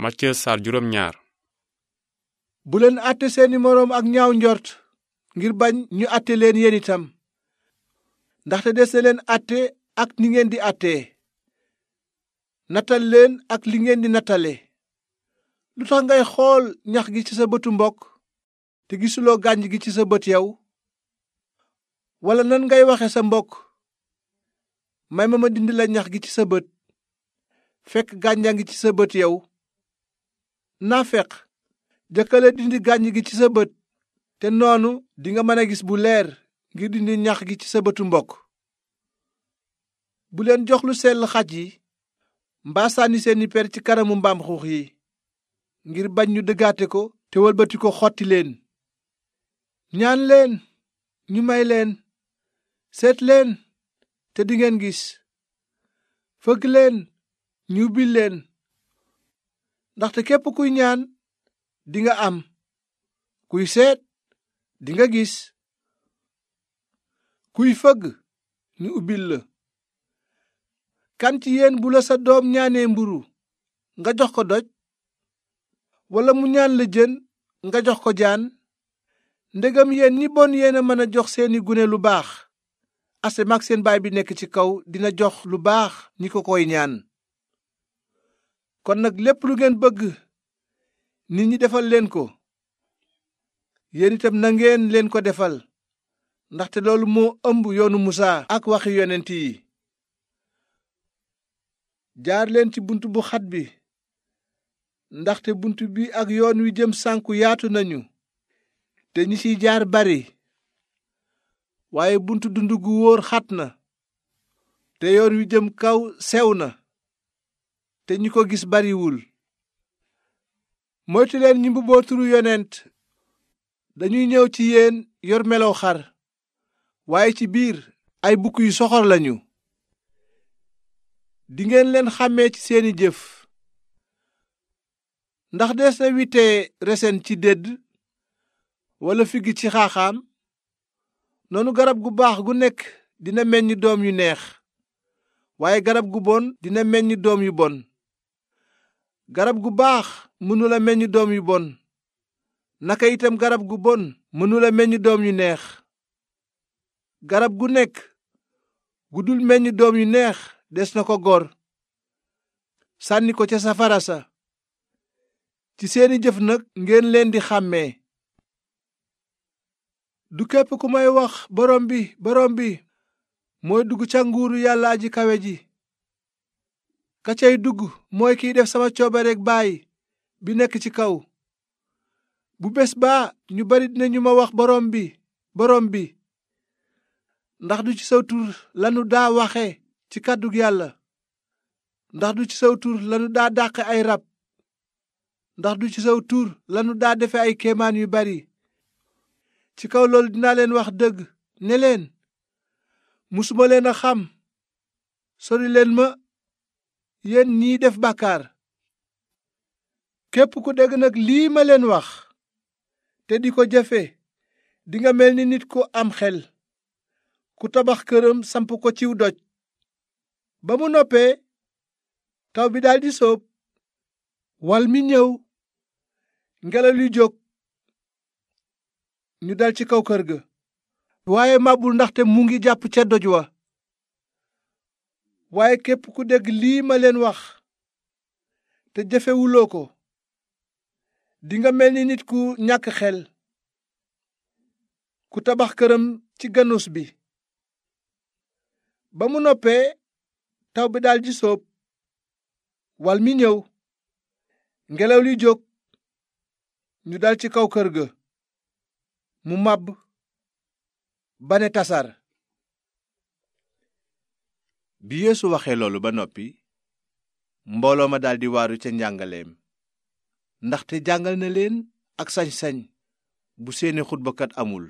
Matthieu saar juróom bu leen àtte seeni moroom ak ñaaw njort ngir bañ ñu àtte leen yéen itam ndaxte des na leen àtte ak ni ngeen di àttee nattal leen ak li ngeen di nattalee lu tax ngay xool ñax gi ci sa bëtu mbokk te gisuloo gànj gi ci sa bët yow walla nan ngay waxe sa mbokk may ma ma dindi la ñax gi ci sa bët fekk gànja ngi ci sa bët yow nafeq jëkkale dindi gàññ gi ci sa bët te noonu dinga mën a gis bu leer ngir dindi ñax gi ci sa bëtu mbokk bu leen jox lu sell xaj yi mbaa sànni seeni per ci kanamu mbaam xuux yi ngir bañ ñu dëggaate ko te wëlbati ko xotti leen ñaan leen ñu may leen seet leen te dingeen gis fëgg leen ñu ubbil leen ndaxte képp kuy ñaan dinga am kuy seet dinga gis kuy fëgg ñu ubbil la kan ci yéen bu la sa doom ñaanee mburu nga jox ko doj walla mu ñaan la jën nga jox ko jaan ndegam yéen ñi bon yéen a mën a jox seeni gune lu baax asamaan ak seen baay bi nekk ci kaw dina jox lu baax ñi ko koy ñaan kon nag lépp lu ngeen bëgg nit ñi defal leen ko yéen itam na ngeen leen ko defal ndaxte loolu moo ëmb yoonu musaa ak waxi yonent yi jaar leen ci bunt bu xat bi ndaxte bunt bi ak yoon wi jëm sànku yaatu nañu te ñi ciy jaar bari waaye buntu dund gu wóor xat na te yoon wi jëm kaw sew na te ñi ko gis bariwul moytu leen ñi mbubboo yonent dañuy ñëw ci yéen yor melow xar waaye ci biir ay bukk yu soxor lañu dingeen leen xàmmee ci seeni jëf ndax des na witee resen ci dédd walla figg ci xaaxaam noonu garab gu baax gu nekk dina meññ doom yu neex waaye garab gu bon dina meññ doom yu bon garab gu baax mënula meññ doom yu bon naka itam garab gu bon mënula meññ doom yu neex garab gu nekk gu dul meññ doom yu neex des na ko gor sànni ko ca safara sa ci seeni jëf nag ngeen leen di xàmmee du képp ku may wax borom bi borom bi mooy dugg ca nguuru yàlla aji kawe ji ka cey dugg mooy kiy def sama coobareek baay bi nekk ci kaw bu bés baa ñu bari ñu ma wax borom bi borom bi ndax du ci saw tur lanu daa waxe ci kàddug yàlla ndax du ci saw tur lanu daa dàqe ay rab ndax du ci sëw tur lanu daa defe ay kéemaan yu bari ci kaw loolu dinaa leen wax dëgg ne leen musuma leen a xam sori ma yéen ñiy def bàkkaar képp ku dégg nag lii ma leen wax te di ko jëfe dinga mel ni nit ku am xel ku tabax këram samp ko ciw doj ba mu noppee taw bi daldi soob wal mi ñëw ngelaw li jóg ñu dal ci kaw kër ga waaye màbbul ndaxte mu ngi jàpp ca doj wa waaye képp ku dégg lii ma leen wax te jëfewuloo ko dinga mel ni nit ku ñàkk xel ku tabax këram ci ganus bi ba mu noppee taw bi daldi soob wal mi ñëw ngelaw li jóg ñu dal ci kaw kër ga mu màbb ba ne tasar bi yeesu waxee loolu ba noppi mbooloo ma daldi waaru ca njàngaleem ndaxte jàngal na leen ak sañ-sañ bu seeni xutbakat amul